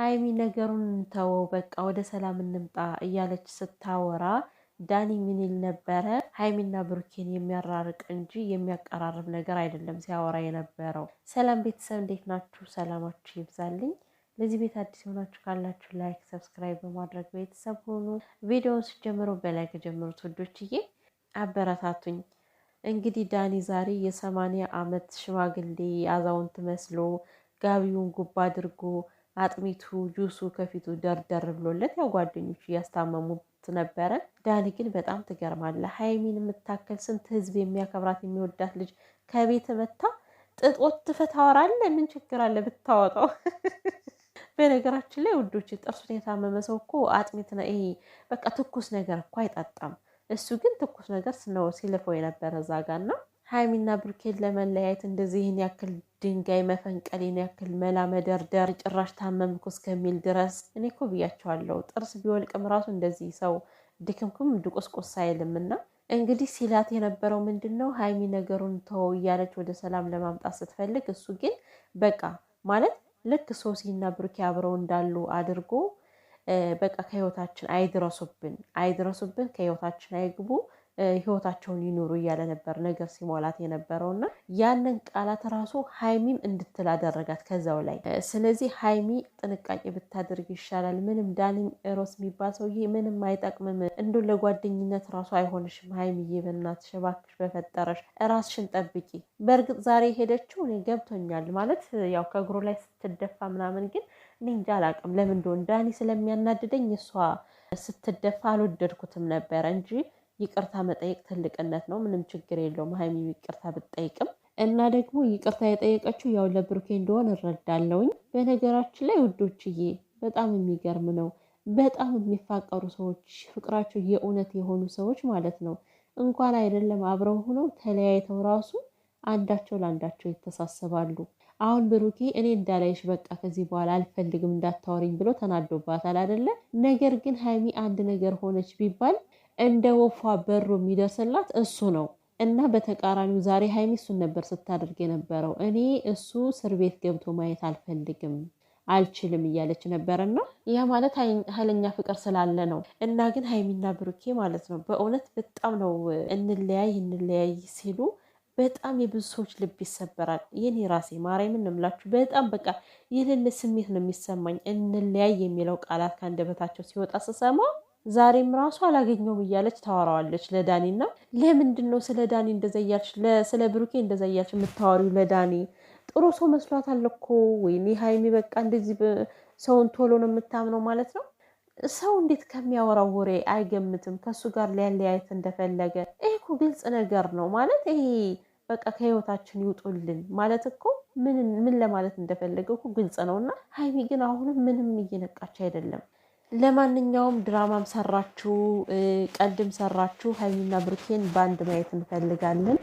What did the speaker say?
ሀይሚ ነገሩን ተወው፣ በቃ ወደ ሰላም እንምጣ እያለች ስታወራ ዳኒ ምን ይል ነበረ? ሀይሚና ብሩኬን የሚያራርቅ እንጂ የሚያቀራርብ ነገር አይደለም ሲያወራ የነበረው። ሰላም ቤተሰብ፣ እንዴት ናችሁ? ሰላማችሁ ይብዛልኝ። ለዚህ ቤት አዲስ የሆናችሁ ካላችሁ ላይክ፣ ሰብስክራይብ በማድረግ ቤተሰብ ሆኑ። ቪዲዮውን ስጀምሩ በላይ ከጀምሩት ውዶችዬ አበረታቱኝ። እንግዲህ ዳኒ ዛሬ የሰማንያ አመት ሽማግሌ አዛውንት መስሎ ጋቢውን ጉባ አድርጎ አጥሚቱ ጁሱ ከፊቱ ደርደር ብሎለት ያው ጓደኞቹ እያስታመሙት ነበረ። ዳኒ ግን በጣም ትገርማለህ። ሀይሚን የምታከል ስንት ህዝብ የሚያከብራት የሚወዳት ልጅ ከቤት መታ ጥጦት ትፈታወራለ። ምን ችግር አለ ብታወጣው? በነገራችን ላይ ውዶች ጥርሱን የታመመ ሰው እኮ አጥሚት ነው ይሄ በቃ ትኩስ ነገር እኮ አይጠጣም። እሱ ግን ትኩስ ነገር ስነው ሲልፈው የነበረ ዛጋ እና ሀይሚና ብሩኬን ለመለያየት እንደዚህ ይህን ያክል ድንጋይ መፈንቀል ይህን ያክል መላ መደርደር ጭራሽ ታመምኩ እስከሚል ድረስ እኔ እኮ ብያቸዋለሁ። ጥርስ ቢወልቅም ራሱ እንደዚህ ሰው ድክምኩም ድቁስቁስ አይልም እና እንግዲህ ሲላት የነበረው ምንድን ነው ሀይሚ ነገሩን ተው እያለች ወደ ሰላም ለማምጣት ስትፈልግ እሱ ግን በቃ ማለት ልክ ሶሲና ብሩኬ አብረው እንዳሉ አድርጎ በቃ ከህይወታችን አይድረሱብን አይድረሱብን ከህይወታችን አይግቡ ህይወታቸውን ይኖሩ እያለ ነበር ነገር ሲሟላት የነበረው እና ያንን ቃላት ራሱ ሀይሚም እንድትል አደረጋት ከዛው ላይ። ስለዚህ ሀይሚ ጥንቃቄ ብታደርግ ይሻላል። ምንም ዳኒ ሮስ የሚባል ሰውዬ ምንም አይጠቅምም። እንዶ ለጓደኝነት ራሱ አይሆንሽም። ሀይሚዬ በእናትሽ እባክሽ በፈጠረሽ ራስሽን ጠብቂ። በእርግጥ ዛሬ ሄደችው እኔ ገብቶኛል ማለት ያው ከእግሩ ላይ ስትደፋ ምናምን ግን እኔ እንጃ አላውቅም ለምን እንደሆነ ዳኒ ስለሚያናድደኝ እሷ ስትደፋ አልወደድኩትም ነበረ እንጂ ይቅርታ መጠየቅ ትልቅነት ነው። ምንም ችግር የለውም ሀይሚ ይቅርታ ብትጠይቅም እና ደግሞ ይቅርታ የጠየቀችው ያው ለብሩኬ እንደሆን እረዳለውኝ። በነገራችን ላይ ውዶችዬ በጣም የሚገርም ነው። በጣም የሚፋቀሩ ሰዎች ፍቅራቸው የእውነት የሆኑ ሰዎች ማለት ነው እንኳን አይደለም አብረው ሆነው ተለያይተው ራሱ አንዳቸው ለአንዳቸው ይተሳሰባሉ። አሁን ብሩኬ እኔ እንዳላይሽ በቃ ከዚህ በኋላ አልፈልግም እንዳታወሪኝ ብሎ ተናዶባታል አይደለ? ነገር ግን ሀይሚ አንድ ነገር ሆነች ቢባል እንደ ወፏ በሩ የሚደርስላት እሱ ነው እና በተቃራኒው ዛሬ ሀይሚ እሱን ነበር ስታደርግ የነበረው። እኔ እሱ እስር ቤት ገብቶ ማየት አልፈልግም አልችልም እያለች ነበር እና ያ ማለት ኃይለኛ ፍቅር ስላለ ነው። እና ግን ሀይሚና ብሩኬ ማለት ነው በእውነት በጣም ነው እንለያይ እንለያይ ሲሉ በጣም የብዙ ሰዎች ልብ ይሰበራል። የኔ ራሴ ማርያምን ነው የምላችሁ። በጣም በቃ ይህንን ስሜት ነው የሚሰማኝ። እንለያይ የሚለው ቃላት ከአንደበታቸው ሲወጣ ስሰማ ዛሬም ራሱ አላገኘውም እያለች ታወራዋለች ለዳኒና ለምንድን ነው ስለ ዳኒ እንደዛ እያልሽ ስለ ብሩኬ እንደዛ እያልሽ የምታወሪው ለዳኒ ጥሩ ሰው መስሏት አለኮ ወይኔ ሀይሚ በቃ እንደዚህ ሰውን ቶሎ ነው የምታምነው ማለት ነው ሰው እንዴት ከሚያወራው ወሬ አይገምትም ከእሱ ጋር ሊያለያየት እንደፈለገ ይሄ እኮ ግልጽ ነገር ነው ማለት ይሄ በቃ ከህይወታችን ይውጡልን ማለት እኮ ምን ለማለት እንደፈለገ እኮ ግልጽ ነው እና ሀይሚ ግን አሁንም ምንም እየነቃች አይደለም ለማንኛውም ድራማም ሰራችሁ ቀልድም ሰራችሁ ሀይሚና ብሩኬን በአንድ ማየት እንፈልጋለን።